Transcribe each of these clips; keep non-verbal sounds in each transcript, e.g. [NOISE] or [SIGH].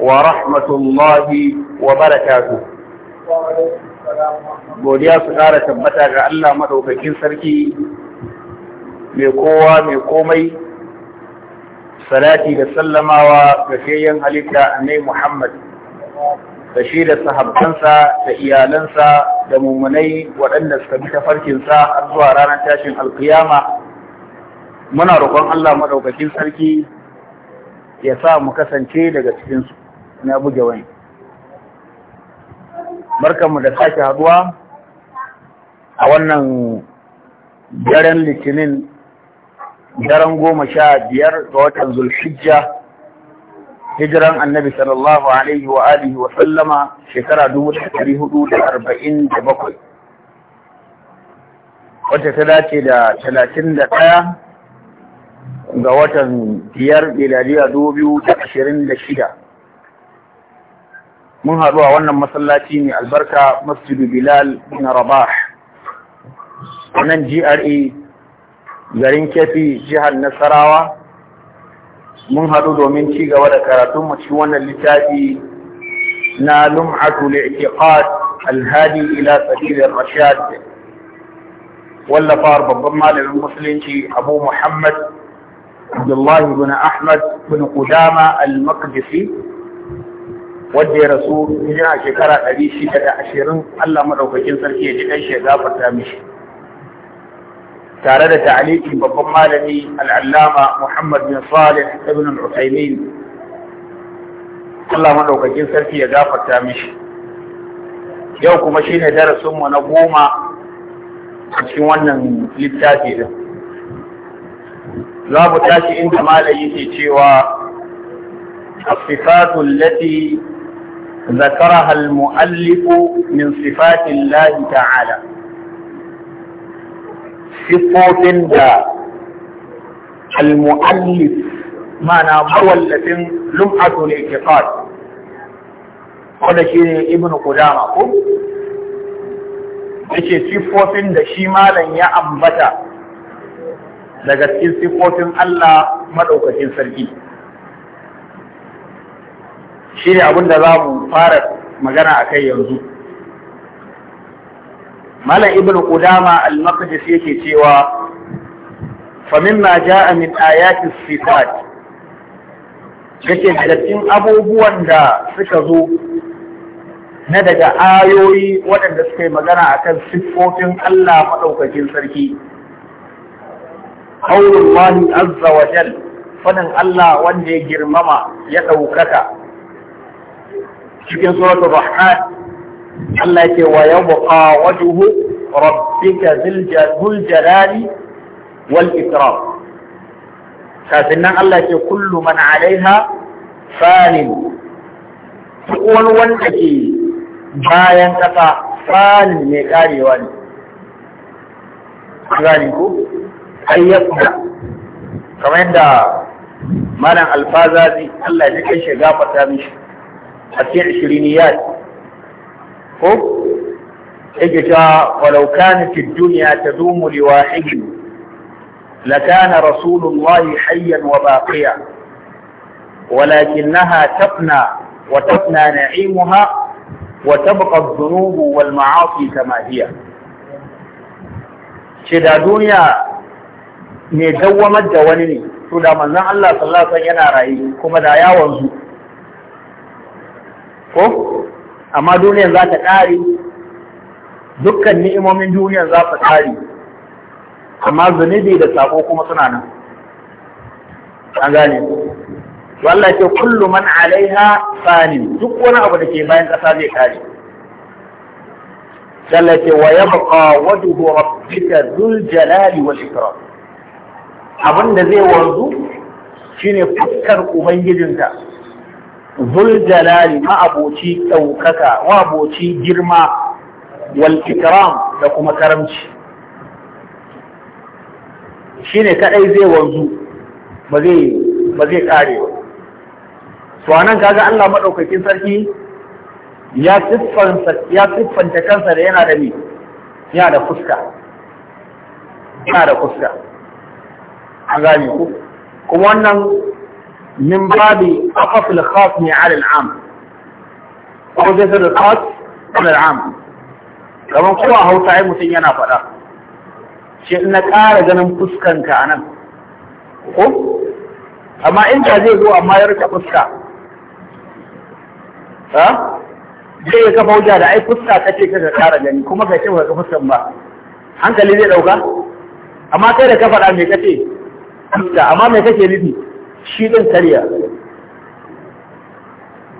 ورحمة wa وبركاته godiya su ƙara tabbata ga Allah maɗaukakin sarki mai kowa mai komai salati da sallamawa ga shayyan halitta annai Muhammad da shi da sahabbansa da iyalansa da mummunai waɗanda suka bi tafarkinsa har zuwa ranar tashin alkiyama muna roƙon Allah maɗaukakin sarki ya sa mu kasance daga cikinsu na buge wani barkanmu da sake haduwa a wannan daren litinin daren goma sha biyar ga watan zulhijja hijiran annabi sallallahu alaihi wa alihi wa sallama shekara dubu ɗari hudu da arba'in da bakwai wata ta dace da talatin da ɗaya ga watan biyar miladiya dubu biyu da ashirin da shida mun haɗu a wannan masallaci mai albarka masjid bilal na rabah nan gra garin kefi jihar nasarawa mun haɗu domin ci gaba da karatun mu cikin wannan littafi na lum'atu li'tiqad alhadi ila sabil rashad wallafa babban malamin musulunci abu muhammad abdullahi bin ahmad bin qudama al-maqdisi wanda ya rasu yana shekara ɗari shida da ashirin Allah maɗaukakin sarki ya ji ɗan ya gafarta mishi. Tare da ta'alikin babban malami al'allama Muhammad bin Salih ibn al-Uthaymin Allah maɗaukakin sarki ya gafarta mishi. Yau kuma shi ne darasinmu na goma a cikin wannan littafi ɗin. Za mu tashi inda malami ke cewa الصفات التي ذكرها المؤلف من صفات الله تعالى صفات دا المؤلف معنى مولة لمعة الاعتقاد wanda shi ne ibn kudama ko yake siffofin da shi malam ya ambata daga cikin siffofin Allah maɗaukacin sarki shi ne abin da za mu fara magana a kai yanzu malam ibn qudama al-maqdis yake cewa fa mimma jaa min ayati sifat yake da cikin abubuwan da suka zo na daga ayoyi waɗanda suka yi magana a kan siffofin Allah maɗaukakin sarki qawlullahi azza wa jalla fadin Allah wanda ya girmama ya ɗaukaka cikin suratul rahman Allah yake wa yabqa wajhu rabbika dhul jalali wal ikram kafin nan Allah yake kullu man alaiha fanin duk wani wanda ke bayan kasa fanin mai karewa ne gani ko ayyuka kamar yadda malam alfazazi Allah ya kai shiga fata mishi في عشرينيات خب اجتا ولو كانت الدنيا تدوم لواحد لكان رسول الله حيا وباقيا ولكنها تفنى وتفنى نعيمها وتبقى الذنوب والمعاصي كما هي شدا دنيا ندومت دوانيني سودا من الله صلى الله عليه وسلم ينا كما دا يا ko amma duniyan za ta ƙare dukkan ni'imomin duniyan za ta ƙari amma zunubi da sako kuma suna nan an gane wallah ke kullu man alaiha fani duk wani abu da ke bayan ƙasa zai ƙari Allah ce wa yabqa wajhu rabbika dhul jalali wal ikram abinda zai wanzu shine fuskar ubangijinka zuljalali ma'aboci ɗaukaka wa'aboci girma wal ikram da kuma karamci shi ne kaɗai zai wanzu ba zai ƙare ba to anan kaga Allah maɗaukakin sarki ya siffanta kansa da yana da ne yana da fuska yana da fuska an gane ku kuma wannan من باب أخف الخاصم على العام da جسر الخاص على العام kamar kowa hausa ya mutum yana faɗa shi na ƙara ganin fuskanka a nan ko amma in ka zai zo amma ya rika fuska ha zai ya kafa hujja da ai fuska ta ce ka ƙara gani kuma ka ce ba ka fuskan ba hankali zai ɗauka amma kai da ka faɗa me kace fuska amma me kake nufi shi zan karya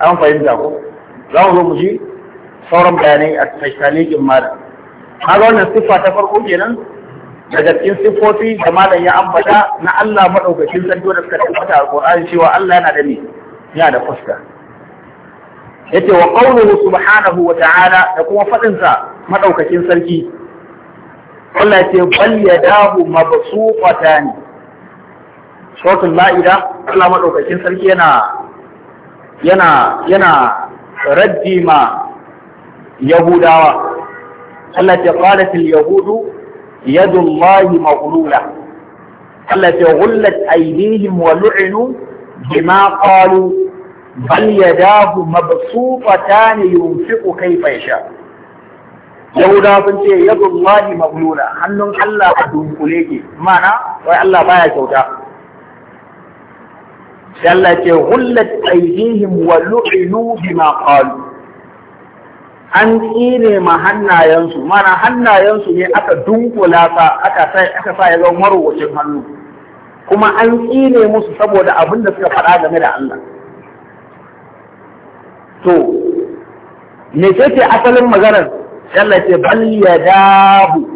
an fahimta ko za mu zo mu ji sauran bayanai a tashalikin malam kaga wannan siffa ta farko kenan daga cikin siffofi da malam ya ambata na Allah madaukakin sarki wanda suka tabbata a Qur'ani cewa Allah yana da ni yana da fuska yace wa qawluhu subhanahu wa ta'ala da kuma fadin sa madaukakin sarki Allah ya ce bal yadahu mabsuqatan suratul la'ida Allah madaukakin sarki yana yana yana raddi ma yahudawa Allah ya qala fil yahudu yadullahi maghlula Allah ya ghullat aydihim wa lu'inu bima qalu bal yadahu mabsuṭatan yunfiqu kayfa yasha Yahuda sun ce yadullahi maghlula hannun Allah a dunkule ke ma'ana wai Allah baya kyauta Allah ke hullat aihihim wa lu'inu bima qalu an tsire ma hannayensu mana hannayensu ne aka dunkula sa aka sa aka sa ya zama marwacin hannu kuma an tsire musu saboda abin da suka faɗa game da Allah to me ce asalin maganar Allah ce bal yadabu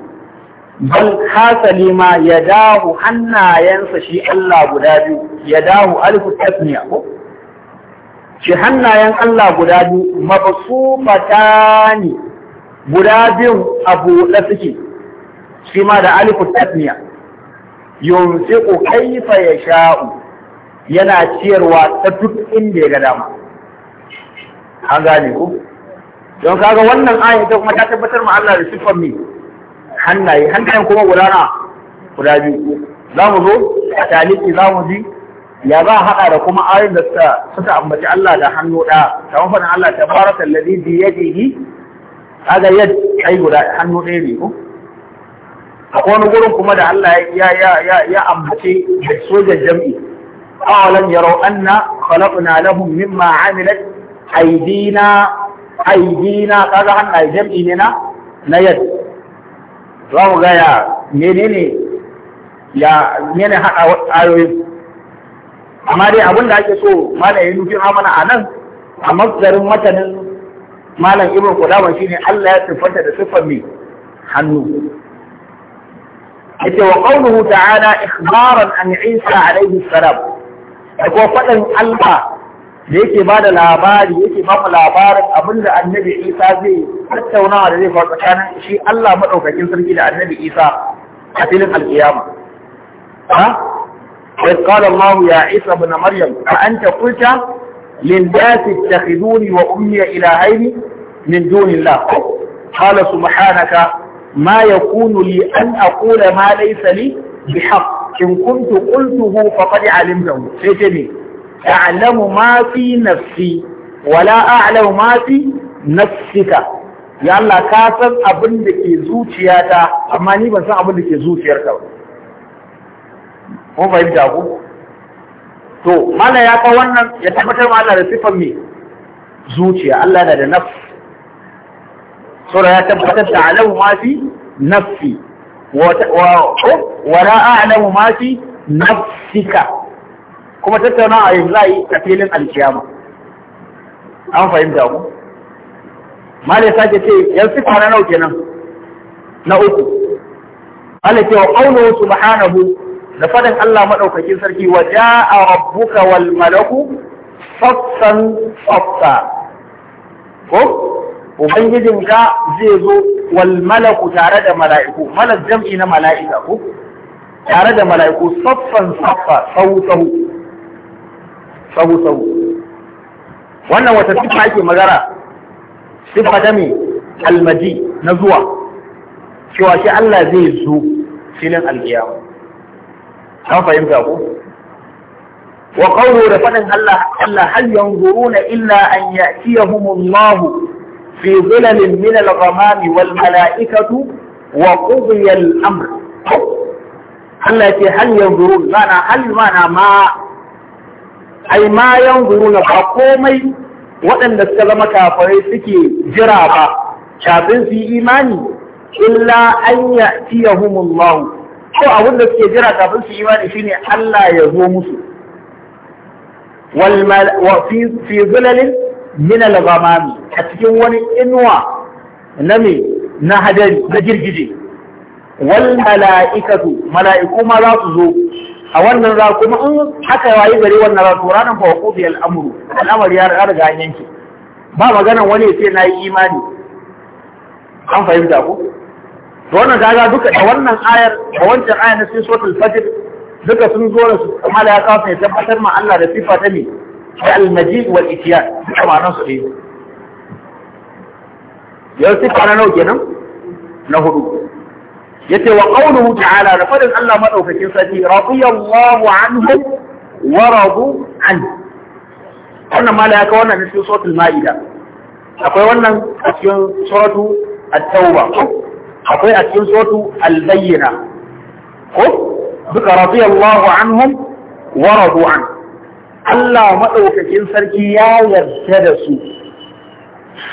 bal hasali ma ya dahu hannayensa shi Allah guda biyu ya dahu alifu tasniya ko shi hannayen Allah guda biyu mabsufata ne guda biyun abu da suke shi ma da alifu tasniya yunfiqu kaifa yasha'u yana ciyarwa ta duk inda ya ga dama an gane ku don kaga wannan ayin kuma ta tabbatar ma Allah da sifar ne hannaye hannayen kuma guda na guda biyu za mu zo a taliki za mu ji ya za a haɗa da kuma ayin da suka ambaci Allah da hannu ɗaya kamar Allah ta fara alladhi bi yadihi kaga yad ai guda hannu ɗaya ne ko akwai wani gurin kuma da Allah ya ya ya ya da sojan jam'i awalan yaro anna khalaqna lahum mimma amilat aydina aydina kaga hannaye jam'i ne na na yad za mu gaya menene ya haɗa ayoyin amma dai abin da ake so malam ya nufin mana a nan a mazdarin matanin malam ibn qudama shine Allah ya siffanta da siffar mai hannu yace wa qawluhu ta'ala ikhbaran an Isa alayhi salam ko faɗin Allah da yake ba da labari yake ba labarin abinda annabi isa zai yi. tattaunawa da zai faru tsakanin shi Allah maɗaukakin sarki da annabi isa a filin alƙiyama ha wa qala ya isa ibn maryam a anta qulta lin dasi takhiduni wa ummi ilahaini min dunillah qala subhanaka ma yakunu li an aqula ma laysa li bihaq in kuntu qultuhu a 'alimtahu sai ce ne ta'lamu mafi fi nafsi wala a'lamu mafi fi nafsika ya Allah ka san abin da ke zuciya ta amma ni ban san abin da ke zuciyarka ba ko fahimta ko to mala ya fa wannan ya tabbatar ma Allah da sifan mai zuciya Allah na da nafs sura ya tabbatar ta'lamu ma fi nafsi wa wa la a'lamu ma nafsika kuma tattauna a yanzu za a yi a filin alkiyama an fahimta ku malai sake ce yan sifa na nau kenan na uku Allah ce wa qawlu subhanahu da fadin Allah maɗaukakin sarki wa jaa rabbuka wal malaku safsan safsa ko ubangijin ka zai zo wal malaku tare da mala'iku malak jam'i na mala'ika ko tare da mala'iku saffan saffa sau sau sahu sahu wannan wata sifa ake magana sifa ta me almaji na zuwa cewa shi Allah zai zo filin alkiyama an fahimta ko wa qawlu da fadin Allah Allah hal yanzuruna illa an ya'tiyahumullahu fi zilalin min al-ghamami wal mala'ikatu wa qudiya al-amr Allah ce hal yanzurun mana hal mana ma ai ma yanzuruna ba komai waɗanda suka zama kafirai suke jira ba kafin su yi imani illa an ya'tiyahumullahu ko abin da suke jira kafin su imani shine Allah ya zo musu wal fi zulalin min al a cikin wani inuwa na me na hadari na girgije wal mala'ikatu mala'iku ma za su zo a wannan ra kuma in haka wayi gari wannan ra to ranan fa waqufi al-amru al'amari ya riga an yanke ba maganan wani ya ce nayi imani an fahimta ku? to wannan kaga duka da wannan ayar da wancan ayar na cikin suratul fajr duka sun zo da su kuma ya kawo ne tabbatar ma Allah da sifa ta ne da al-majid wal itiyan duka ma'anar su ne yau sifa na nau kenan na hudu yace wa qawluhu ta'ala da fadin Allah madaukakin sarki radiyallahu anhum wa radu an wannan mala ya ka wannan ne cikin suratul maida akwai wannan a cikin suratu at-tauba akwai a cikin suratu al-bayyina ko duka radiyallahu anhum wa radu an Allah madaukakin sarki ya yarda da su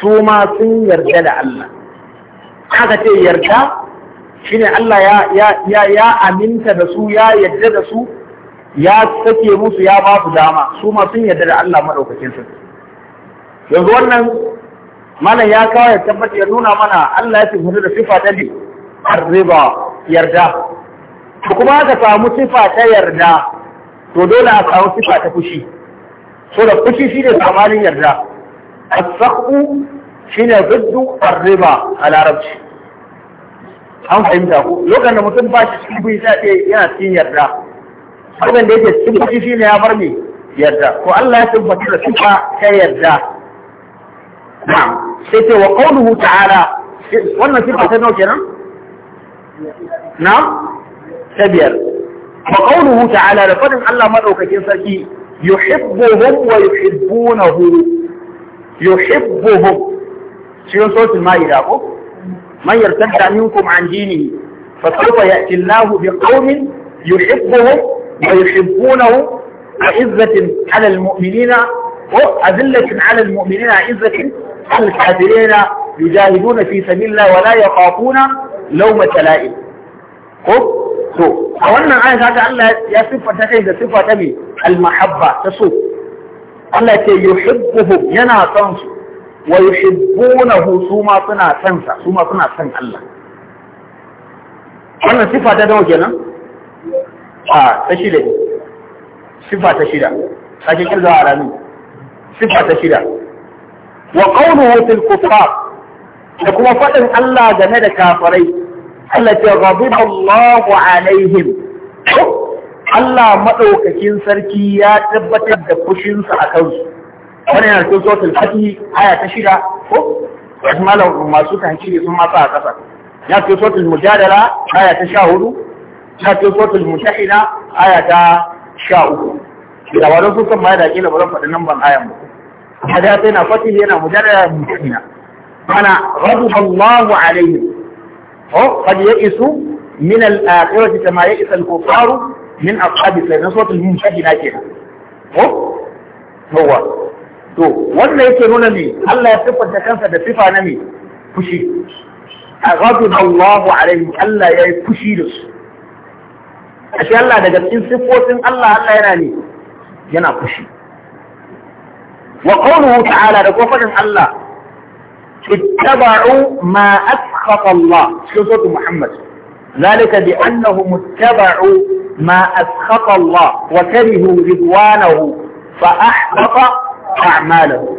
su ma sun yarda da Allah aka ce yarda shine Allah ya ya aminta da su ya yadda da su ya sake musu ya ba su dama su ma sun yadda da Allah madaukakin su yanzu wannan malam ya kawo ya tabbata ya nuna mana Allah ya sifu da sifa ta biyu arriba yarda ko kuma aka samu sifa ta yarda to dole a samu sifa ta fushi so da fushi shine samanin yarda as-sakhu shine zuddu arriba a larabci an fahimta ko lokacin da mutum ba shi cikin fushi sai yana cikin yarda abin da yake cikin shi ne ya bar me yarda ko Allah ya tabbata da sifa ta yarda na'am sai ce wa qawluhu ta'ala wannan sifa ta nawa kenan na'am ta biyar wa qawluhu ta'ala da fadin Allah madaukakin sarki yuhibbuhum wa yuhibbunahu yuhibbuhum cikin sautin ma'ida ko من يرتد منكم عن دينه فسوف يأتي الله بقوم يحبهم ويحبونه أعزة على المؤمنين وأذلة على المؤمنين أعزة على الكافرين يجاهدون في سبيل الله ولا يخافون لوم تلائم خب to وانا wannan aya kaga Allah ya siffata kai da siffa ta me al-mahabba ta so Allah ya wa yuhibbunahu su ma suna son sa su ma suna son Allah wannan sifa ta dawo kenan a ta shida sifa ta shida sake kirga a rami sifa ta shida wa qawluhu fil kufar da kuma fadin Allah game da kafirai Allah ce ghadiba Allahu alaihim Allah madaukakin sarki ya tabbatar da fushinsa a kansu wani yana cikin suratul fatih aya ta shida ko wasu malam masu ne sun matsa a kasa ya cikin suratul mujadala aya ta sha hudu ya cikin suratul mutahina aya ta sha uku da wannan sun san ma da kila ba zan faɗi nan ban ayan ba Ya sai na fatih yana mujadala mutahina ana rabu Allahu alaihim ko ya qad ya'isu من الآخرة كما يئس الكفار من أصحاب السير نصرة المنشهنة كده ko هو to wanda yake nuna ne Allah ya siffanta kansa da sifa na ne fushi ghadib Allahu alaihi Allah ya yi fushi da su ashe Allah daga cikin siffofin Allah Allah yana ne yana fushi wa qawluhu ta'ala da kofarin Allah ittaba'u ma askhata Allah cikin suratul Muhammad ذلك بأنهم اتبعوا ما أسخط الله وكرهوا رضوانه فأحبط a'malahu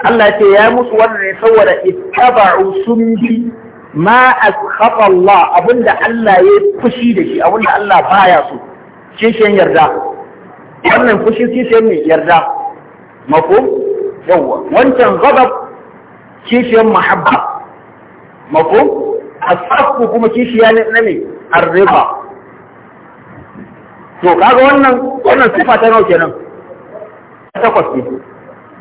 Allah ce ya musu wannan ne saboda ittaba'u sun bi ma askhata Allah abinda Allah ya fushi da shi abinda Allah baya so kishiyan yarda wannan fushi kishiyan ne yarda mafhum yawwa, wancan ghadab kishiyan mahabba mafhum ashabu kuma kishiya ne na me arriba to kaga wannan wannan sifa ta nawa kenan takwas ne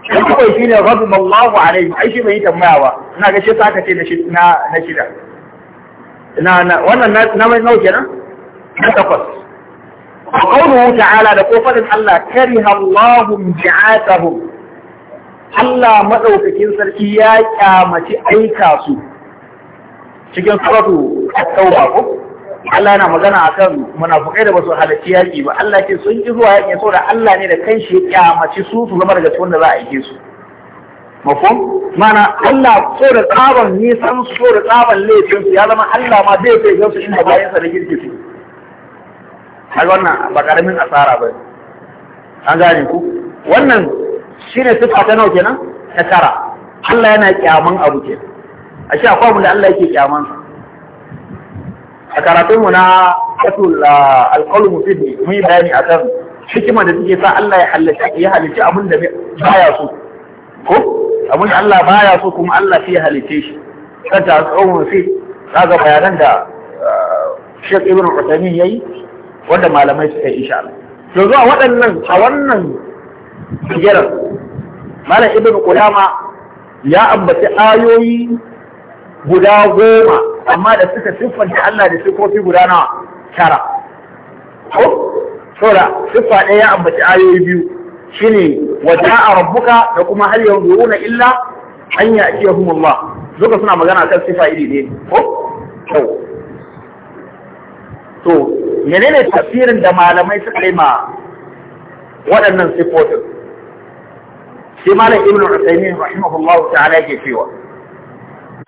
dan kawai shine ghadab Allahu alaihi ai shi bai yi tambaya ba ina ga shi saka ce na na shida na na wannan na mai nau kenan na takwas qawluhu ta'ala da kofarin Allah kariha Allahu bi'atahum Allah madaukakin sarki ya kyamaci aika su cikin suratu at-tauba ko Allah yana magana akan munafukai da basu halarci yaƙi ba Allah ke sun ƙi zuwa yaƙi saboda Allah ne da kanshi ya kyamaci su su zama daga cikin da za a aike su mafum mana Allah so da tsaban nisan so da tsaban laifin su ya zama Allah ma zai kai gansu inda sa da girki su har wannan ba karamin asara ba an gane ku wannan shine sifa ta nawa kenan ta tara Allah yana kyaman abu kenan ashe akwai abin da Allah yake sa. a karatunmu na katul alkalu ah, mufid mun yi bayani a kan hikimar da suke sa Allah ya halicci abin da ba ya so ko abin da Allah baya so kuma Allah sai ya halicce shi kan ta tsawon mufid kaga bayanan da ah, Sheikh Ibn ya yi, wanda malamai su yi insha Allah yanzu a waɗannan a wannan bigiran Malam Ibn Qudama ya ambaci ayoyi guda goma amma da suka siffanta Allah da siffofi guda nawa tara ko sura siffa ɗaya ya ambaci ayoyi biyu shine wa ja'a rabbuka da kuma hal yanzuruna illa an ya'tiyahum Allah duka suna magana kan siffa iri ne ko to menene tafsirin da malamai suka yi ma waɗannan siffofin sai malam ibnu usaimin rahimahullahu ta'ala yake cewa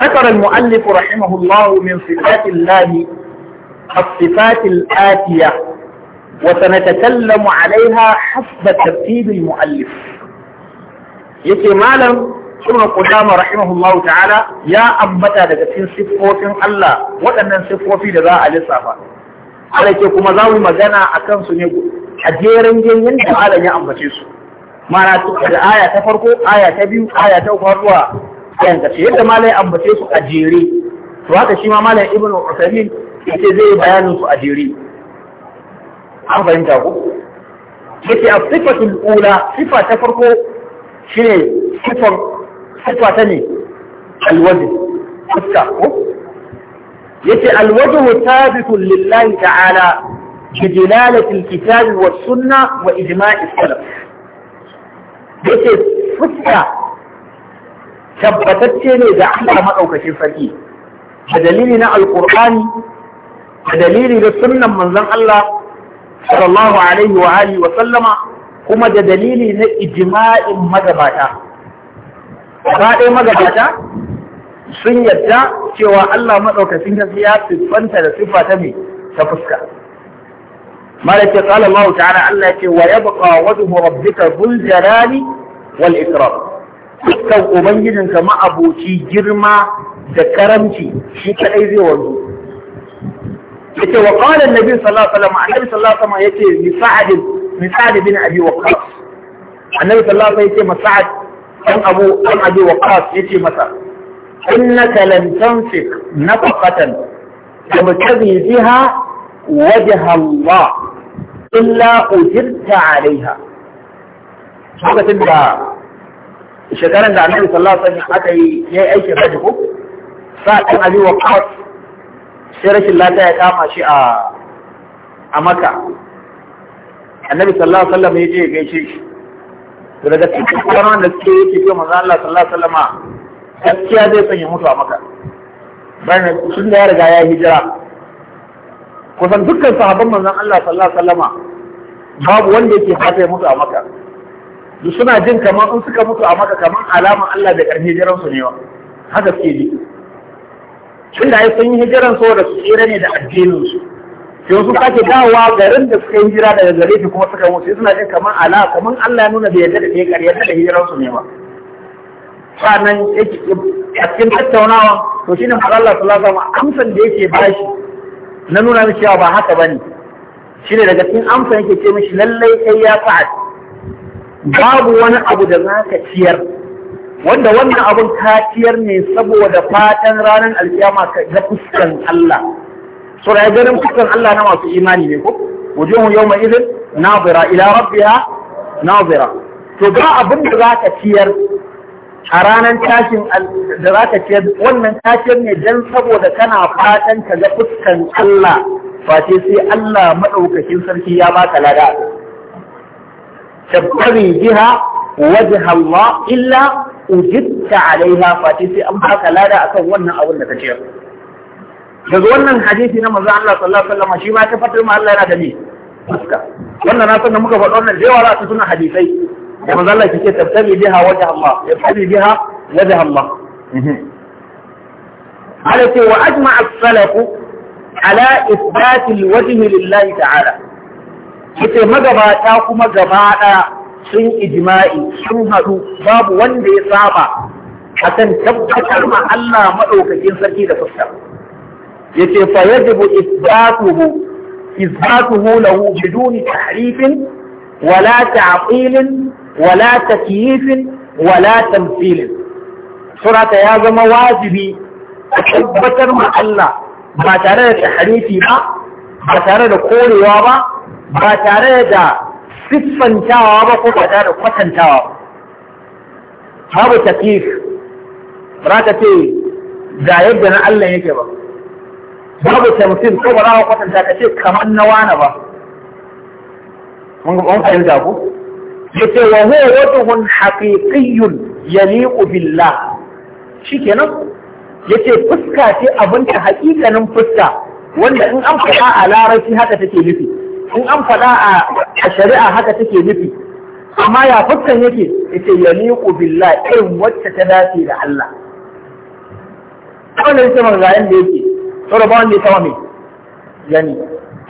ذكر المؤلف رحمه الله من صفات الله الصفات الآتية وسنتكلم عليها حسب ترتيب المؤلف yake malam ibn qudama rahimahullahu ta'ala ya ambata daga cikin siffofin Allah waɗannan siffofi da za a lissafa Allah ke kuma za mu magana a kansu ne a jerin jerin da Allah ya ambace su mana da aya ta farko aya ta biyu aya ta uku dangace yadda malai ambace su a jere to haka shi ma malai ibnu usaimin yace zai bayanin su a jere an fahimta ku yace a sifatul ula sifa ta farko shine sifar sifa ta ne alwajh fuska ko yace alwajh thabitun lillahi ta'ala bi dilalatil kitabi was sunna wa ijma'i salaf yace fuska tabbatacce ne da Allah maɗaukacin sarki da dalili na alƙur'ani a dalili da sunnan manzon Allah sallallahu alaihi wa alihi wa sallama kuma da dalili na ijma'in magabata Baɗai ɗaya magabata sun yadda cewa Allah maɗaukacin sarki ya siffanta da siffa ta mai ta fuska مالك قال ce wa الله ويبقى وجه ربك ذو wal والإكرام dukkan ubangijinka ma'aboci girma da karamci shi kadai zai wanzu yace wa qala an-nabi sallallahu alaihi wasallam annabi sallallahu alaihi wasallam yace li sa'd li sa'd bin abi waqqas annabi sallallahu alaihi wasallam yace mas'ad dan abu dan abi waqqas yace masa innaka lan tanfiq nafaqatan tabtaghi biha wajha Allah illa ujirta alaiha lokacin da Shekarun da annabi sallallahu alaihi wasallam aka yi yayi aikin hajji ko sa'ad bin abi waqqas sai rashin lafiya ya kama shi a a maka annabi sallallahu alaihi wasallam ya je shi to daga cikin kwanan da suke yake ko manzo Allah sallallahu alaihi wasallam gaskiya zai sanya mutu a maka bayan sun da ya riga ya hijira kusan dukkan sahabban manzon Allah sallallahu alaihi wasallam babu wanda yake fata ya mutu a maka suna jin kamar in suka mutu a maka kamar alaman Allah da ƙarfi jiran su ne wa haka suke ji tun da ai sun yi hijiran saboda su tsere ne da addinin su sai sun sake dawowa garin da suka yi hijira daga gare shi kuma suka mutu suna jin kamar ala kamar Allah ya nuna da yarda da kai ƙarya da hijiran su ne wa sannan a cikin tattaunawa to shine Allah sallallahu alaihi wasallam amsan da yake bashi na nuna mishi cewa ba haka bane shine daga cikin amsan yake ce mishi lallai kai ya fa'ad babu wani abu da za ka ciyar wanda wannan abun ka ciyar ne saboda fatan ranar alkiyama ga fuskan Allah so da ganin fuskan Allah na masu imani ne ko wujuhu yawma idhin nazira ila rabbiha nazira to ga abin da za ka ciyar a ranar tashin da za ka ciyar wannan tashin ne don saboda kana fatan ka ga fuskan Allah face sai Allah maɗaukakin sarki ya baka lada tabbabi biha wajha Allah illa ujibta alaiha fati sai an baka lada akan wannan abin da ka ciyar daga wannan hadisi na manzo Allah sallallahu alaihi wasallam shi ma ta fatar ma Allah yana da ni fuska wannan na san da muka faɗa wannan da yawa za su tuna hadisai da manzo Allah yake tabtabi biha wajha Allah yabtabi biha wajha Allah على wa ajma'a السلف على إثبات الوجه لله تعالى yace magabata kuma gaba ɗaya sun ijima'i sun haɗu babu wanda ya saba akan tabbatar ma Allah madaukakin sarki da fuska yace fa yajibu isbatuhu isbatuhu lahu biduni tahrifin wala ta'qilin wala takyifin wala tamthilin surata ya zama wajibi a tabbatar ma Allah ba tare da tahrifi ba ba tare da korewa ba ba tare da siffantawa ba ko ba tare da kwatantawa babu taklif ba ka ce ga yadda na Allah yake ba babu tamfil ko ba za ka kwatanta ka ce kamar na wani ba mun fahimta ku yace wa huwa wajhun haqiqiyyun yaliqu billah shikenan yace fuska ce abin da hakikanin fuska wanda in an faɗa a larabci haka take nufi in an faɗa a shari'a haka take nufi amma ya fuskan yake yace yaliqu billah irin wacce ta dace da Allah wannan yake manzayin da yake saboda ba wanda ya mai yani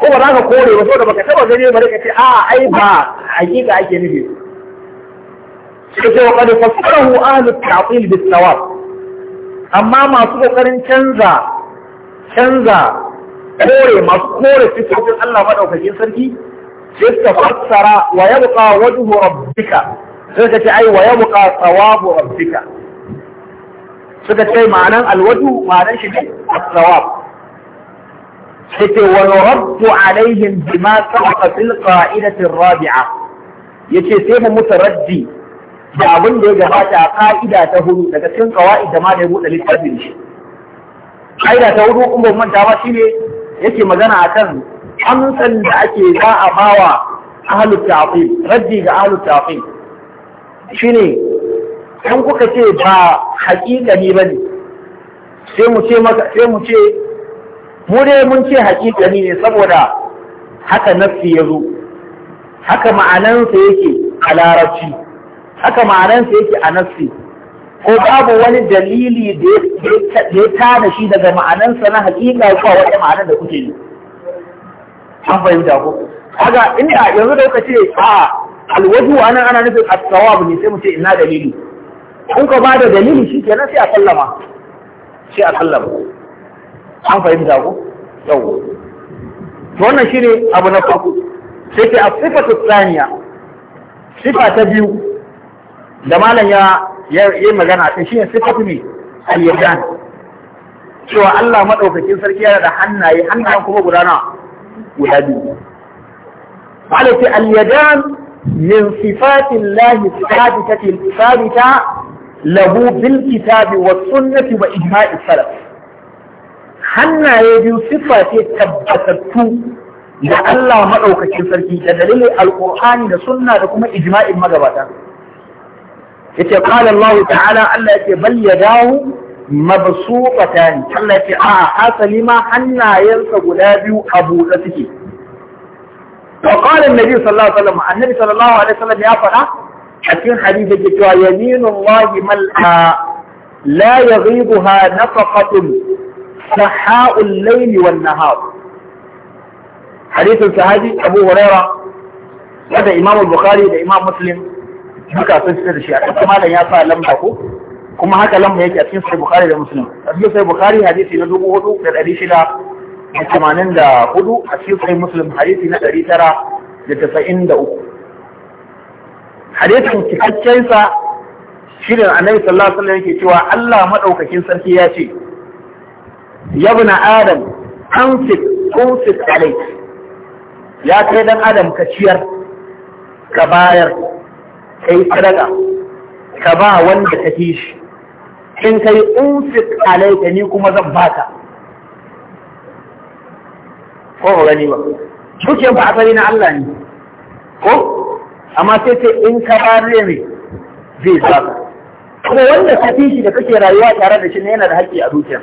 ko ba za ka kore ba saboda baka taba gani ba ka ce a ai ba hakika ake nufi sai ce wa qad fassarahu ahlut ta'til bis sawab amma masu kokarin canza canza kore masu kore sifofin Allah madaukakin sarki sai suka fassara wa yabqa wajhu rabbika sai ka ce ai wa yabqa thawabu rabbika suka ce ma'anan alwadu ma'anan shi ne as-sawab sai ce wa nuraddu alaihim bima sabaqa fil qa'idati ar-rabi'a yace sai mu mutaraddi da abin da ya gabata a ka'ida ta hudu daga cikin qawaid da ma da ya buɗe littafin shi ka'ida ta hudu kuma manta ba shine yake magana akan amsan da ake za a bawa ahlu ta'til raddi ga ahlu shi ne in kuka ce ba haƙiƙani ba ne? sai mu ce mu dai mun ce haƙiƙani ne saboda haka nafsi ya zo haka ma'anansa yake a larabci haka ma'anansa yake a nafsi ko babu wani dalili da ya tada shi daga ma'anansa na hakika zuwa wata ma'anar da kuke yi an fahimta ko Haga ini a yanzu da kuka ce a alwaju anan ana nufin as-sawab ne sai mu ce ina dalili kun ka bada dalili shi kenan sai a sallama sai a sallama an fahimta ko yau to wannan ne abu na farko sai ce a sifatu tsaniya sifa ta biyu da malam ya ya yi magana kan shi ne sifatu ne al-yadan cewa Allah maɗaukakin sarki yana da hannaye hannayen kuma guda nawa guda biyu alati al-yadan min sifatin lahi sabitati sabita lahu bil kitabi was sunnati wa ijma'i salaf hannaye biyu siffa ce tabbatattu da Allah maɗaukakin sarki da dalilin alqur'ani da sunna da kuma ijma'in magabata yace qala Allah ta'ala Allah yace bal yadahu mabsuqatan Allah yace a asali ma hannayensa guda biyu a buɗe suke to qala annabi sallallahu alaihi wasallam annabi sallallahu alaihi wasallam ya faɗa a cikin hadisi yake cewa yaminullahi mal'a la yaghibuha nafaqatun saha'ul layli wan nahar hadithin sahabi Abu Hurairah wanda Imam Bukhari da Imam Muslim duka sun fitar da shi a cikin malam ya sa lamba ko kuma haka lamba yake a cikin sai bukhari da muslim a cikin sai bukhari hadisi na dubu hudu da ɗari shida da tamanin da hudu a cikin sai muslim hadisi na ɗari tara da tasa'in da uku hadisin cikakkensa shi da annabi sallallahu alaihi wasallam yake cewa Allah madaukakin sarki ya ce yabna adam anfit tunfit alayk ya kai dan adam ka ciyar ka bayar ka yi sadaka ka ba wanda ka fi shi in ka yi unfik alaika ni kuma zan baka ko ba gani ba dukiyar ba asali na Allah ne ko amma sai ce in ka ba ne zai baka kuma wanda ka fi shi da kake rayuwa tare da shi ne yana da haƙƙi a dukiya.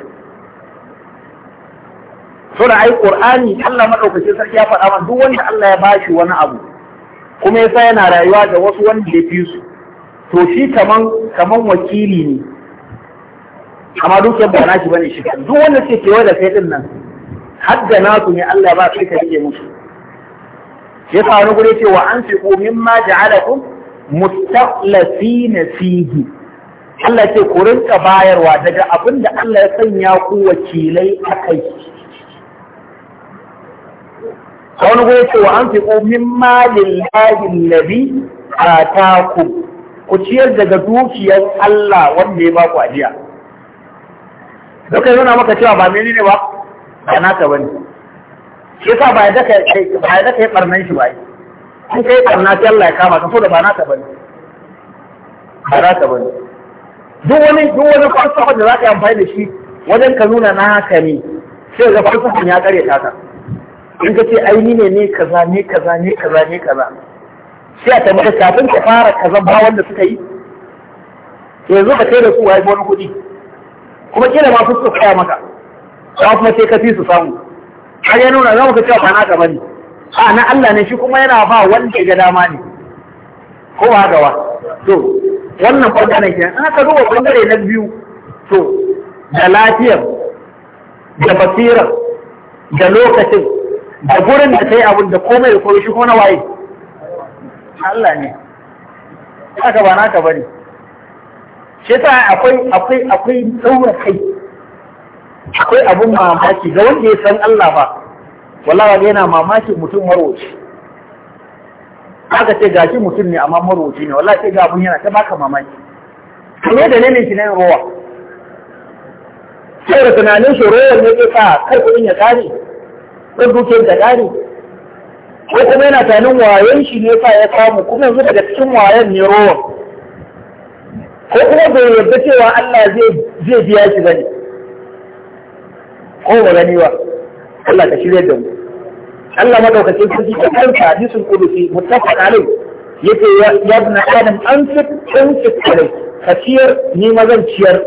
Sau da ai qur'ani Allah maɗaukacin sarki ya faɗa mana duk wanda Allah ya bashi wani abu kuma yasa yana rayuwa da wasu wani ya fi su to shi kaman kaman wakili ne amma dukiyar ba shi bane shi duk wanda ke cewa da kai din nan hadda na su ne Allah ba sai ka rike musu yasa wani gure ce wa anfiqu mimma ja'alakum mustaqlasina fihi Allah ce ku rinka bayarwa daga abin da Allah ya sanya ku wakilai a kai a wani goyi ce wa an fi ƙomin malin lahin nabi a taku ku ciyar daga dukiyar Allah wanda ya baku ajiya duka nuna maka cewa ba mene ne ba ba na ta ne shi sa ba yadda ka yi ɓarnan shi ba yi in ka yi ɓarna sai Allah ya kama ka so da ba na ta ne ba na ta ne duk wani duk wani falsafa da za ka yi amfani da shi wajen ka nuna na haka ne sai ga falsafan ya ƙare ta in ka ce ai ni ne ne kaza ne kaza ne kaza ne kaza sai a tambaya kafin ka fara kaza ba wanda suka yi yanzu ba kai da su wai wani kuɗi kuma kila ma fuska kaya maka za kuma sai ka fi su samu har ya nuna za mu ka cewa ba gaba ne. a na Allah ne shi kuma yana ba wanda ga dama ne ko ba gawa to wannan bangaren kenan an ka duba bangare na biyu to da lafiyar da basirar da lokacin a gurin da ta yi abin da komai da komai shi ko na waye Allah ne haka ba naka bane shi ta akwai akwai akwai daura kai akwai abun mamaki ga wanda ya san Allah ba wallahi yana mamakin mutum marwaci aka ce shi mutum ne amma marwaci ne wallahi sai ga abun yana ta baka mamaki kamar da ne shi ne rowa sai da tunanin shi rowar ne ke sa kai kudin ya kare ɗan dukiyar da ƙari? ko kuma yana tanin wayan shi ne sa ya samu kuma yanzu daga cikin wayan ne rowan ko kuma bai yarda cewa Allah zai biya shi bane ko ba gani ba Allah ka shirya da mu Allah madaukakin sarki da kansa hadisul qudusi muttafaq alai yace ya ibn adam an fit an fit alai ka ciyar ni ma zan ciyar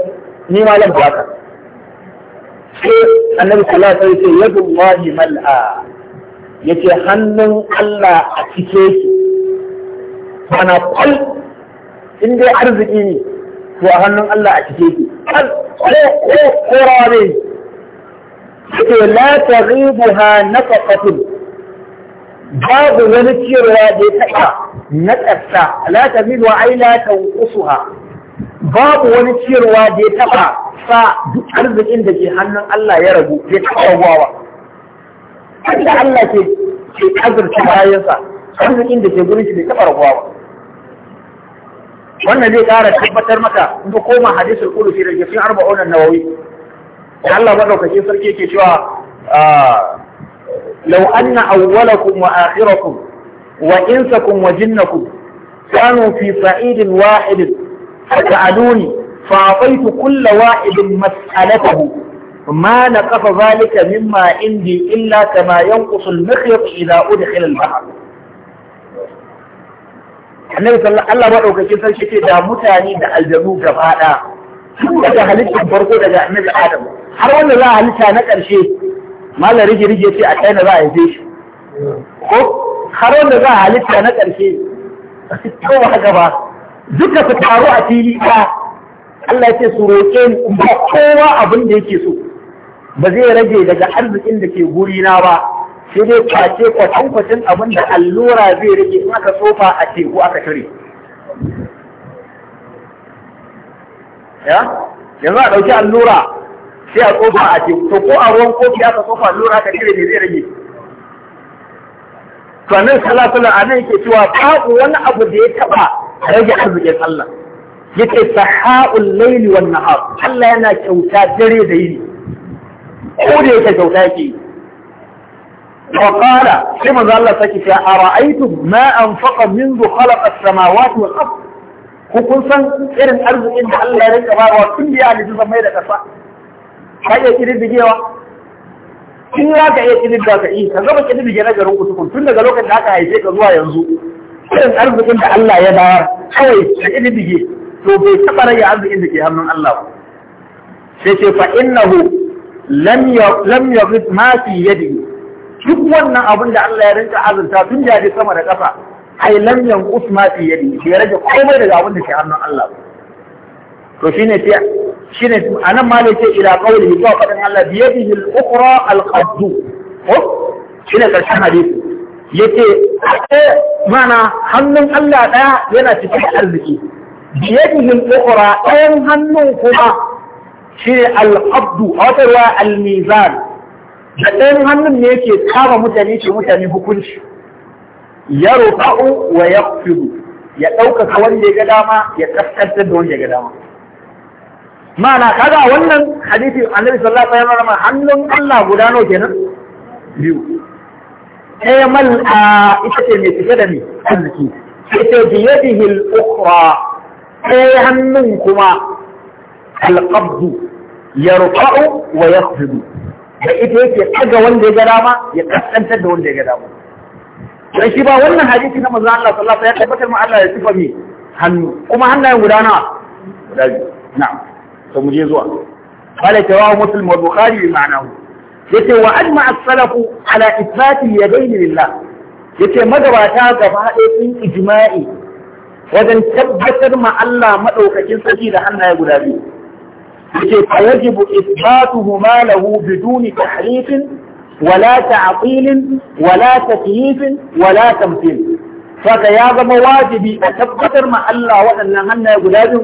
ni ma zan baka sai annabi sallallahu alaihi wasallam ya ce yadullahi mal'a yace hannun Allah a cike shi ana kwal in dai arziki ne to a hannun Allah a cike shi kwal ko ko ko rawe yace la taghibuha nafaqatun babu wani ciyarwa da ya taɓa na ƙasa la taghibuha ai la tanqusuha babu wani ciyarwa da ya taba sa duk arzikin da ke hannun Allah ya rabu ya taba rabuwa ba Allah ke ke azurta bayansa arzikin da ke gurin shi bai taba rabuwa ba wannan zai ƙara tabbatar maka in ka koma hadisul qudsi da ke cikin arba'un an-nawawi Allah madaukake sarki yake cewa ah, law anna awwalakum wa akhirakum wa insakum wa jinnakum كانوا في صعيد واحد أتعدوني فأعطيت كل واحد مسألته ما نقص ذلك مما عندي إلا كما ينقص المخيط إذا أدخل البحر النبي صلى الله عليه وسلم كيف شكي دا متاني دا الجنو جفاء دا حتى دا هلتش دا النبي آدم حرون لا هلتش نكر شيء ما لا رجي رجي شيء أتين لا يزيش خب حرون لا هلتش نكر شيء توبة كبار duka su taru a fili ɗaya Allah ya ce su roƙe ni in ba kowa abin da yake so ba zai rage daga arzikin da ke gurina ba sai dai kwace kwatankwacin abin da allura zai rage in aka sofa a teku aka tare ya yanzu a ɗauki allura sai a tsofa a teku to ko a ruwan kofi aka tsofa allura aka cire ne zai rage to nan sallallahu alaihi wasallam nan yake cewa babu wani abu da ya taba rage arzikin Allah yace sahaul layli wa nahar Allah yana kyauta dare da yini ko da yake kyauta yake wa qala sai manzo Allah saki fa ara'aytum ma anfaqa منذ خلق السماوات والارض ku kun san irin arzikin da Allah ya rika bawa tun da ya halitta mai da kasa ka iya kididdigewa in za ka iya kididdigewa ka iya ka zama kididdige na garin ku tun daga lokacin da aka haife ka zuwa yanzu irin arzikin da Allah ya dawa kawai da ƙididdige to bai taɓa rage arzikin da ke hannun Allah ba sai ce fa innahu lam ma fi yadihi duk wannan abin da Allah ya rinka azurta tun da ya sama da ƙasa ai lam yanqus ma fi yadi bai rage komai daga abin da ke hannun Allah to shine ce shine anan ma ne ce ila qawlihi zuwa faɗin Allah bi yadihi al-ukhra al ko shine karshen hadisi ake mana hannun Allah ɗaya yana cikin arziki biyadihil ukhra ɗayan hannun kuma shi ne al'abdu a wata ruwa al-mizan da ɗayan hannun ne yake kama mutane ce mutane hukunci ya rufa'u wa ya ya ɗaukaka wanda ya ga dama ya kaskantar da wanda ya ga dama ma'ana kaga wannan hadisi annabi sallallahu alaihi wasallam hannun Allah guda nawa kenan biyu ɗaya a ita ce mai fita da ni. mai arziki ita biyadihi hil ukhra ɗaya hannun kuma al-qabdu yarfa'u wa ya yakhfidu da ita yake ɗaga wanda ya ga dama ya kaskantar da wanda ya ga dama dan shi ba wannan hadisi na manzon Allah sallallahu alaihi wasallam ya tabbatar ma Allah ya sifa mi hannu kuma hannayen guda nawa guda biyu na'am to mu je zuwa qala tawahu muslim wa bukhari bi ma'anahu yace wa ajma as-salafu ala ithbati yadayni lillah yace magabata gaba ɗaya sun ijma'i wajen tabbatar ma Allah madaukakin saki da hannaye guda biyu yace fa yajibu ithbatuhuma lahu biduni tahrifin wala ta'til wala takyif wala tamthil saka ya zama wajibi a tabbatar ma Allah waɗannan hannaye guda biyu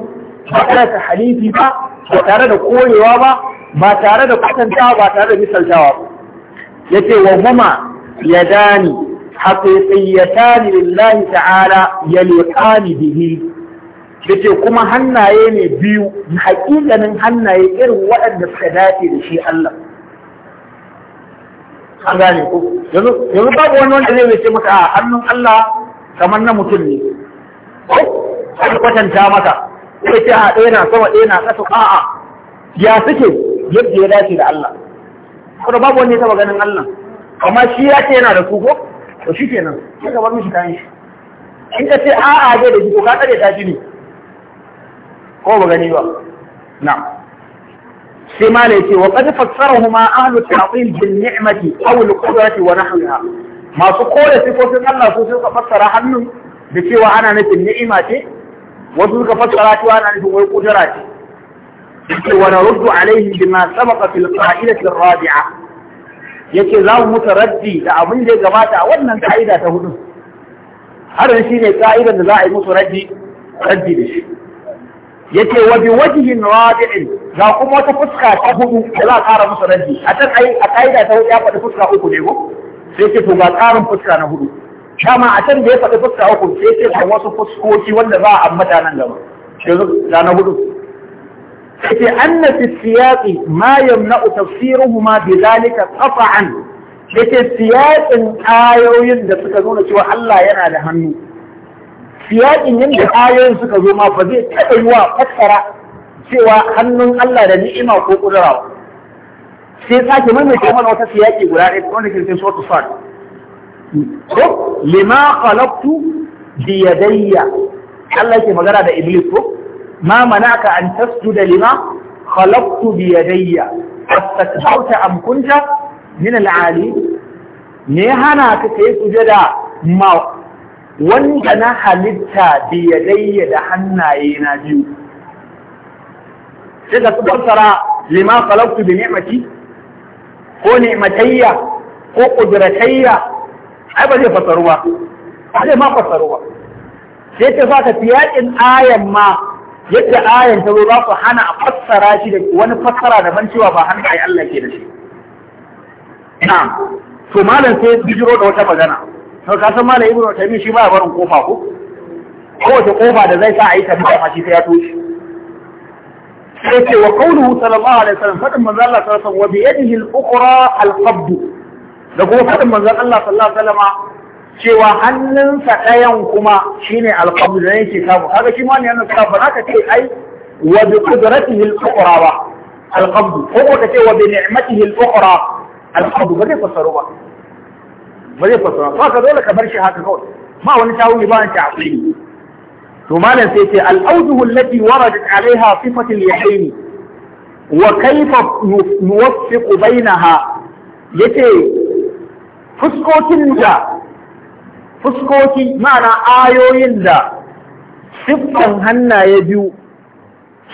ba tare da halifi ba ba tare da koyewa ba ba tare da kwatantawa ba tare da misaltawa ba yace wa huma yadani haqiqiyatan lillahi ta'ala ni? bihi ce kuma hannaye ne biyu haƙiƙanin hannaye irin waɗanda suka dace da shi Allah an gane ko yanzu babu wani wanda zai ce maka a hannun Allah kamar na mutum ne ko kwatanta maka ko ce a ɗaya na sama ɗaya na ƙasa a'a ya suke yadda ya dace da Allah kuma babu wanda ya taba ganin Allah amma shi ya ce yana da su ko to shi kenan sai ka bar mishi kayan shi in ka ce a'a zai da shi ko ka tsare ta shi ne ko ba gani ba na sai ma ce wa qad fassarahuma ahlu ta'til bil ni'mati aw al qudrati wa nahwiha masu kore sifofin Allah su suka fassara hannun da cewa ana nufin ni'ima ce wasu suka fassara cewa ana nufin wai kudura ce ونرد عليه بما سبق في القائلة الرابعة yake za mu mutu raddi da abin da ya gabata a wannan ka'ida ta hudu har shi ne ka'idan da za a yi musu raddi raddi da shi yake wa bi wajhin rabi'in ga kuma wata fuska ta hudu da za a ƙara musu raddi a can ai a ka'ida ta hudu ya faɗi fuska uku ne ko sai ce to ga ƙarin fuska na hudu dama a can da ya faɗi fuska uku sai ce ga wasu fuskoki wanda za a ambata nan gaba yanzu da na hudu yace anna fi siyaqi ma yamna'u tafsiruhuma bidhalika qat'an yace siyaqin ayoyin da suka nuna cewa Allah yana da hannu siyaqin yanda ayoyin suka zo ma ba zai taɓa yi wa fassara cewa hannun Allah da ni'ima ko kudura sai sake maimaita mana wata siyaqi guda ɗaya wanda ke cikin suratul fat ko lima khalaqtu bi yadayya Allah yake magana da iblis ko ma manaka an tasjuda lima khalaqtu bi yadayya astakbarta am kunta min al-ali me hana ka kai sujada ma wanda na halitta bi yadayya da hannaye na biyu sai ka tsara lima khalaqtu bi ni'mati ko ni'matayya ko qudratayya ai ba zai ba ba zai sai ma yadda ayan ta zo za su hana a fassara shi da wani fassara daban cewa ba hannu ai Allah ke da shi na'am to malam sai bijiro da wata magana to ka san malam ibnu taymi shi ba barin kofa ko kowace kofa da zai sa a yi tambaya ma shi sai ya toshe sai ce wa qawluhu sallallahu alaihi wasallam fadin manzo Allah sallallahu alaihi wasallam wa bi yadihi al-ukhra al-qabd da kuma fadin manzo Allah sallallahu alaihi wasallam cewa hannunsa ɗayan kuma shine alqabdu da ke samu kaga shi ma ne yana sa ba za ka ce ai wa bi qudratihi al-ukhra ba alqabdu ko ko ka ce wa bi ni'matihi al-ukhra alqabdu ba zai fassaro ba ba zai fassaro ba ka dole ka bar shi haka kawai ma wani tawili ba an ta'wili to malam sai ce al-awjuhu allati waradat 'alayha sifatu al-yaqini wa kaifa nuwaffiqu bainaha yace fuskokin da fuskoki ma'ana ayoyin da siffan hannaye biyu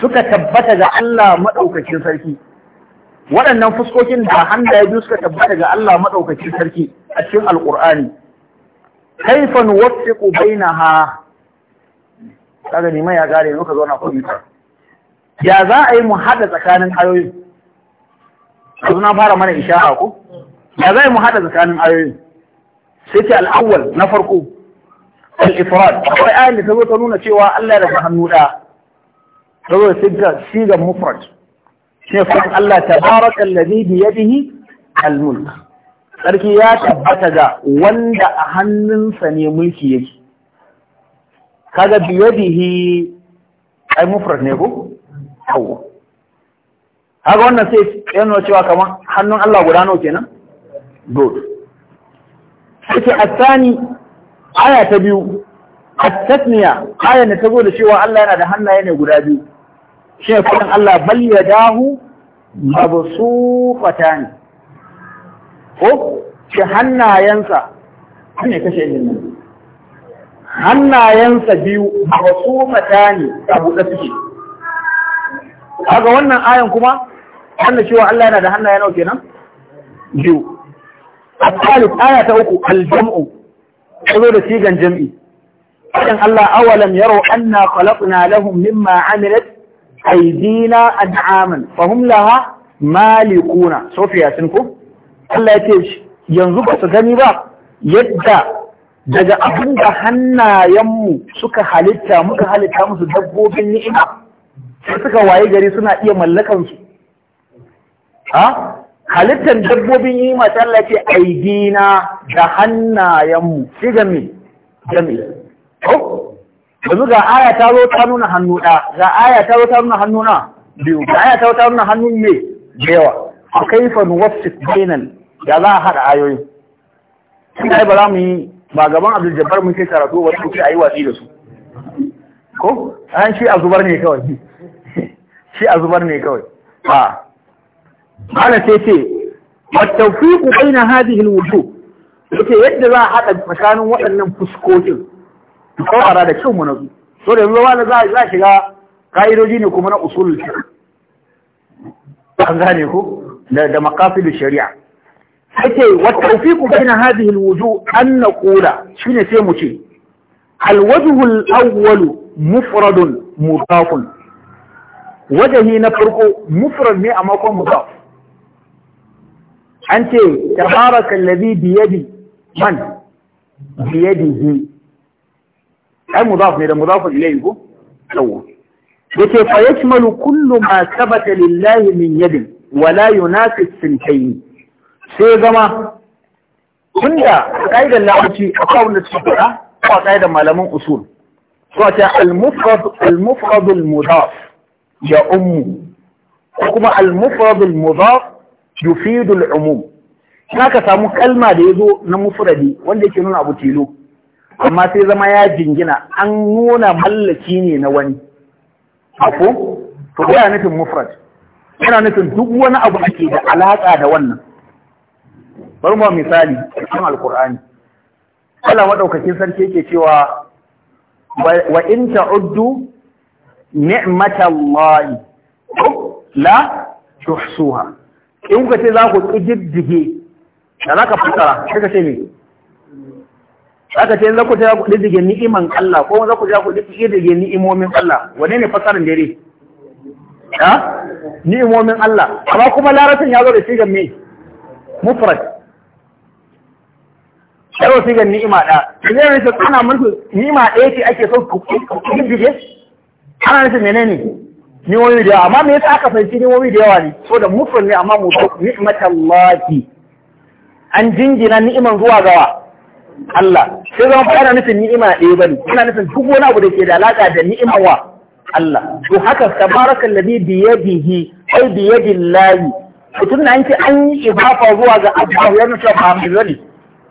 suka tabbata ga Allah maɗaukacin sarki waɗannan fuskokin da hannaye biyu suka tabbata ga Allah maɗaukacin sarki a cikin alƙur'ani kaifa nuwaffiqu bainaha kaga ni mai ya gare muka zo na kwamfuta ya za a yi mu haɗa tsakanin ayoyin yanzu na fara mana isha ko ya za a yi mu haɗa tsakanin ayoyin sai ce al'awwal na farko al-ifrad akwai ayin da ta zo ta nuna cewa Allah daga hannu da ta zo siga siga mufrad shi fa Allah tabaraka alladhi bi yadihi al-mulk sarki ya tabbata ga wanda a hannunsa ne mulki yake kaga bi yadihi ai mufrad ne ko hawa haka wannan sai yana cewa kamar hannun Allah guda nawa kenan good a asani aya ta biyu at-tasniya aya da ta da cewa Allah yana da hannaye ne guda biyu shi ne fadin Allah bal yadahu mabsuqatan ko shi hannayensa ne kashe ilmin hannayensa biyu mabsuqatan a buɗe suke kaga wannan ayan kuma wannan cewa Allah yana da hannaye nawa kenan biyu الثالث آية أوكو الجمع حضور سيغا جمعي فإن الله أولم يروا أنا خلقنا لهم مما عملت أيدينا أنعاما فهم لها مالكون صوفيا سنكو Allah ya ce yanzu ba su gani ba yadda daga abin da hannayenmu suka halitta muka halitta musu dabbobin ni'ima sai suka waye gari suna iya mallakansu halittar dabbobin yi masu Allah ce aidina da hannayenmu shi gami gami oh, yanzu ga aya ta zo ta nuna hannu ɗa ga aya ta zo ta nuna hannu na biyu ga aya ta zo ta nuna hannu ne da yawa a kaifa nuwassif bainal ya za a haɗa ayoyi shi ne ba za mu yi ba gaban Abdul Jabbar mun kai karatu wani kuke yi watsi da su ko an shi a zubar ne kawai [LAUGHS] shi a zubar ne kawai ah. malam sai ce wattawfiqu baina hadhihi alwujuh yace yadda za a haɗa tsakanin waɗannan fuskokin kawara da kyau mu nazu so da yanzu wala za a shiga ka'idoji ne kuma na usul an gane ku da da shari'a. shari'a yace wattawfiqu baina hadhihi alwujuh an naqula shine sai mu ce الوجه mufradun mutafun. Wajahi na farko mufrad ne a makon mutafun أنت تبارك الذي بيدي من؟ بيده أي مضاف إلى مضاف إليه لكي فيشمل كل ما ثبت لله من يد ولا ينافي السنتين سي زما كندا قايدا لاوتي قول الصبرا قايدا مالام اصول سواتا المفرد المفرد المضاف يا ام وكما المفرد المضاف yufidul umum ka samu kalma da yazo zo na mufradi wanda yake nuna abu tilo amma sai zama ya jingina an nuna mallaki ne na wani ko to yana nufin mufrad yana nufin duk wani abu ake da alaka da wannan bari mu misali cikin alqur'ani Allah madaukakin sarki yake cewa wa in ta'uddu ni'matallahi la tuhsuha in kuka ce za ku ƙididdige da za ka fassara sai ka ce ne za ka ce za ku ce za ku ƙididdige ni'iman Allah ko za ku ce za ku ƙididdige ni'imomin Allah wane ne fasarin dare ha ni'imomin Allah amma kuma larabcin ya zo da sigan me mufrad yaro sigan ni'ima ɗaya. da zai ne ana musu ni'ima ɗaya ce ake so ku ƙididdige ana nufin menene ni'imomi da yawa amma me yasa aka fahimci ni'imomi da yawa ne so da mufrad ne amma mu mutu ni'matallahi an jingina ni'iman zuwa gawa Allah sai zama ana nufin ni'ima ɗaya bane ana nufin duk wani abu da ke da alaka da ni'ima wa Allah to haka tabarakal ladhi bi yadihi ay bi yadillahi mutum na yanke an yi ibafa zuwa ga Allah ya nuna ba mu bane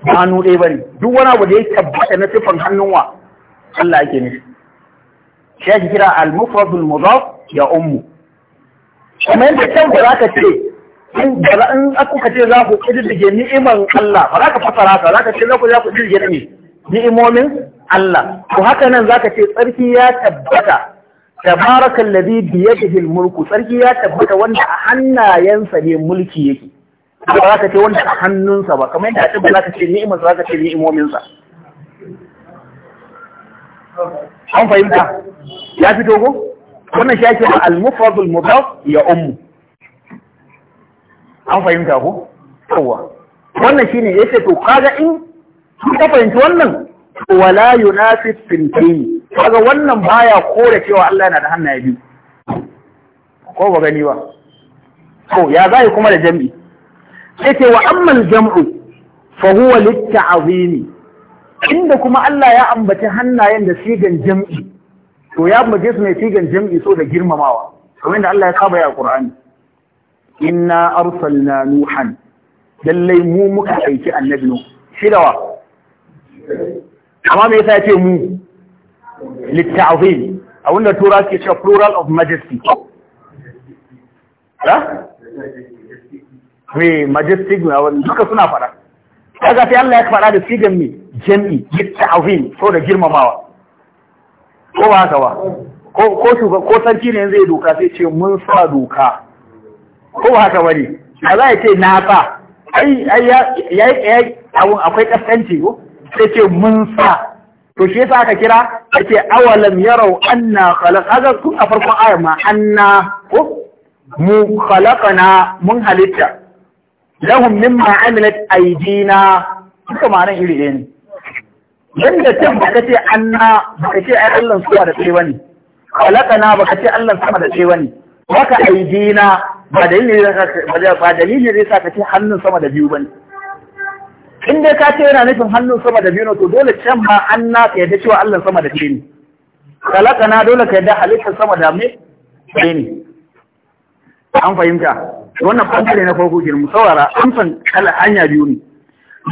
ba hannu ɗaya bane duk wani abu da ya tabbata na sifan hannun wa Allah yake nufi shi ake kira al-mufradul mudaf ya ummu kuma yadda can ba za ka ce in aka ce za ku ƙididdige ni'imar Allah ba za ka fasara ka za ka ce za ku za ku ƙididdige ne ni'imomin Allah Ko haka nan za ka ce tsarki ya tabbata tabarakan ladhi bi yadihi mulku tsarki ya tabbata wanda a hannayensa ne mulki yake ba za ka ce wanda a hannunsa ba kamar yadda a ba za ka ce ni'imar za ka ce ni'imominsa an fahimta ya fito ko wannan shi ake al-mufradul mudaf ya ummu an fahimta ko yawa wannan shine yace to kaga in ka fahimci wannan wala yunafi sintayn kaga wannan baya kore cewa Allah yana da hannaye biyu ko ba gani ba Ko ya zai kuma da jami'i yace wa ammal jam'u fa huwa lit-ta'zimi inda kuma Allah ya ambaci hannayen da sigan jam'i to ya ambace su ne sigan jam'i so da girmamawa kamar da Allah ya saba ya Qur'ani inna arsalna nuhan lallai mu muka aiki annabi nuh shi dawa amma me yasa ya ce mu litta'zim abinda tura ke cewa plural of majesty ha we eh, majestic na wani duka suna fada kaga sai Allah ya fada da sigan mi jam'i litta'zim so da girmamawa ko ba haka ba ko shugaban ko sarki ne zai doka sai ce mun sa doka ko ba haka bane ba za a ce na sa ai ya yi abun akwai kaskanci ko sai ce mun sa to shi yasa aka kira yace awalam yarau anna khalaq haka kun a farkon ayar ma anna ko mu khalaqana mun halitta lahum mimma amilat aydina duka ma'anar iri ɗaya ne yadda can baka ce anna baka ce ai Allah suwa da tsewa ne khalaqana baka ce Allah sama da tsewa ne baka aidina ba dalili ba dalili ne sa ka ce hannun sama da biyu ne. in dai ka ce yana nufin hannun sama da biyu to dole can ma anna ka yadda cewa Allah sama da tsewa ne na dole ka yadda halittar sama da me tsewa ne an fahimta wannan ne na farko girmu saurara an san hanya biyu ne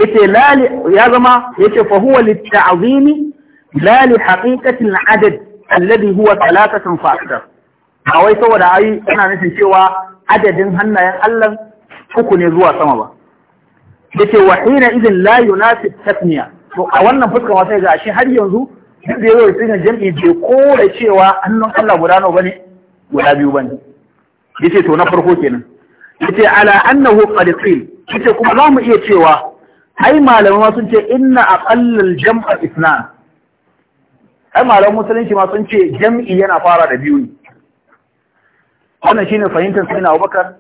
yace lali ya zama yace fa huwa litta'zimi lali li adad alladhi huwa thalathatun fa akthar A wai saboda ai ana nufin cewa adadin hannayen Allah uku ne zuwa sama ba yace wa hina idin la yunasib tasniya to a wannan fuskar wata ga shi har yanzu duk da yawa cikin jami'i bai kore cewa hannun Allah guda nawa bane guda biyu bane yace to na farko kenan yace ala annahu qad qil yace kuma za mu iya cewa ai malamai ma sun ce inna aqallal jam'a isnan ai malamai musulunci ma sun ce jam'i yana fara da biyu ne wannan shine fahimtar sayyidina Abubakar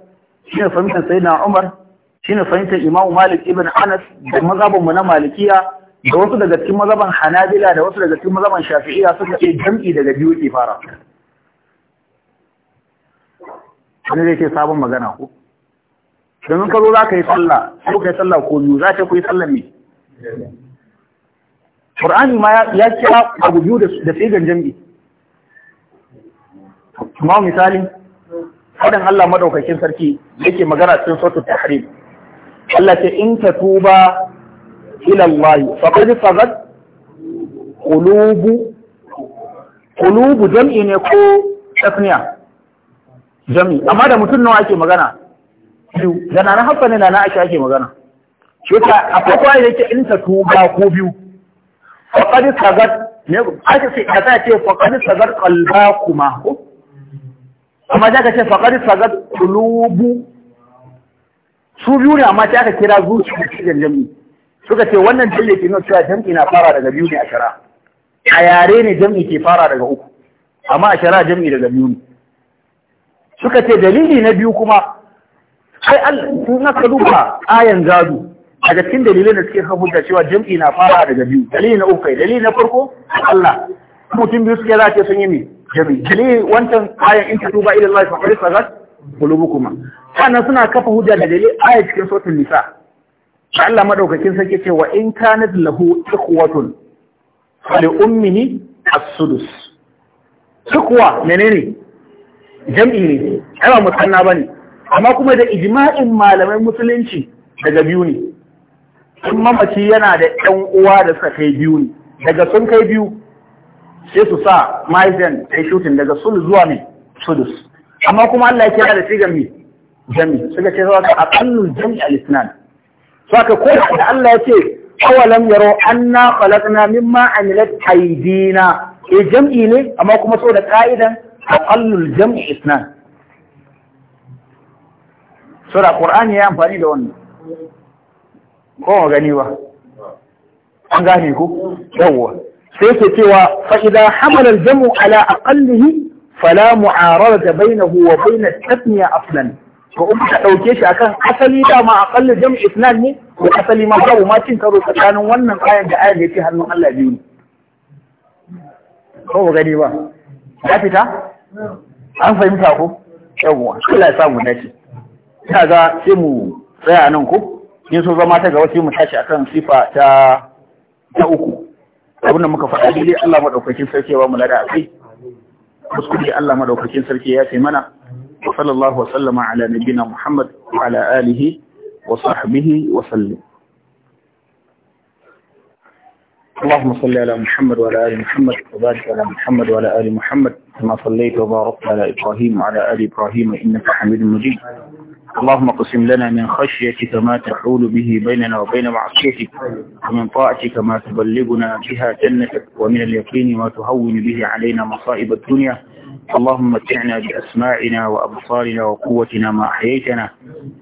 shine fahimtar sayyidina Umar shine fahimtar Imam Malik ibn Anas da mazhabin mu na Malikiya da wasu daga cikin mazhaban Hanabila da wasu daga cikin mazhaban Shafi'iyya suka ce jam'i daga biyu ke fara wani zai ce sabon magana ko domin ka zo za ka yi sallah ko ka yi sallah ko biyu za kai yi sallah ne Qur'ani ma ya kira abu biyu da tsigan jam'i kuma misali fadan Allah madaukakin sarki yake magana cikin sautu tahrim Allah ce in ta tuba ila Allah qad sagat qulubu qulubu jam'i ne ko tasniya jam'i amma da mutum nawa ake magana biyu da na na haffa ne na na ake magana shi ta a farko ne yake in ta tuba ko biyu faqad sagat ne Ake ce a ta ce faqad sagat kuma ko amma da ka ce faqad sagat qulubu su biyu ne amma ta aka kira zuciya cikin jam'i. suka ce wannan dalle ke nuna cewa jam'i na fara daga biyu ne a shara a yare ne jam'i ke fara daga uku amma a shara jam'i daga biyu ne suka ce dalili na biyu kuma sai in aka duba ayan gado daga cikin dalilai da suke kan hujja cewa jam'i na fara daga biyu dalili na uku dalili na farko Allah mutum biyu suke za ce sun yi ne jami dalili wancan ayan in duba ila Allah fa qad sagat qulubukum kana suna kafa hujja da dalili aya cikin suratul nisa Allah madaukakin sarki ce wa in kanat lahu ikhwatun fa li ummihi as-sudus ikhwa menene jam'i ne ai ba mutanna bane amma kuma da ijma'in malamai musulunci daga biyu ne in mamaci yana da ƴan uwa da suka kai biyu ne daga sun kai biyu sai su sa maizan ta shutin daga sun zuwa ne sudus amma kuma Allah ya kira da shi mi jami suka ce zuwa ka aqallul jami al-isnan so aka ko da Allah ya ce awalam yaro anna khalaqna mimma amilat aydina e jam'i ne amma kuma so da ka'idan aqallul jami isnan sura qur'ani ya amfani da wannan ko gani ba an gane ku yawwa sai ke cewa fa idza hamala al-jamu ala aqallihi fala mu'arada bainahu wa bain at-tasmiya aslan to in ka dauke shi akan asali da dama aqallu jam'i isnan ne ko asali ma babu ma cin karo tsakanin wannan ayar da ayar da yake hannun Allah biyu ko gani ba ya fita an fahimta ko yawwa Allah ya samu dace ina ga sai mu tsaya nan ko in so zama ta gaba sai mu tashi akan sifa ta ta uku abinda muka faɗa dai Allah madaukakin sarki ba mu lada akai kuskure Allah madaukakin sarki ya ce mana sallallahu wa sallama ala nabiyina Muhammad wa ala alihi wa sahbihi wa sallim اللهم صل على محمد وعلى آل محمد وبارك على محمد وعلى آل محمد كما صليت وباركت على إبراهيم وعلى آل إبراهيم إنك حميد مجيد اللهم اقسم لنا من خشيتك ما تحول به بيننا وبين معصيتك ومن طاعتك ما تبلغنا بها جنتك ومن اليقين ما تهون به علينا مصائب الدنيا اللهم متعنا بأسماعنا وأبصارنا وقوتنا ما أحييتنا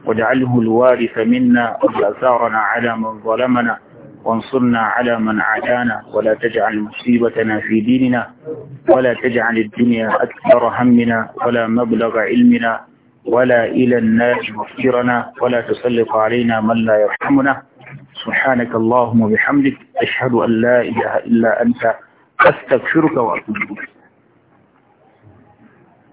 واجعله الوارث منا وأثارنا على من ظلمنا وانصرنا على من عادانا ولا تجعل مصيبتنا في ديننا ولا تجعل الدنيا أكثر همنا ولا مبلغ علمنا ولا إلى النار مغفرنا ولا تسلط علينا من لا يرحمنا سبحانك اللهم وبحمدك أشهد أن لا إله إلا أنت أستغفرك وأتوب إليك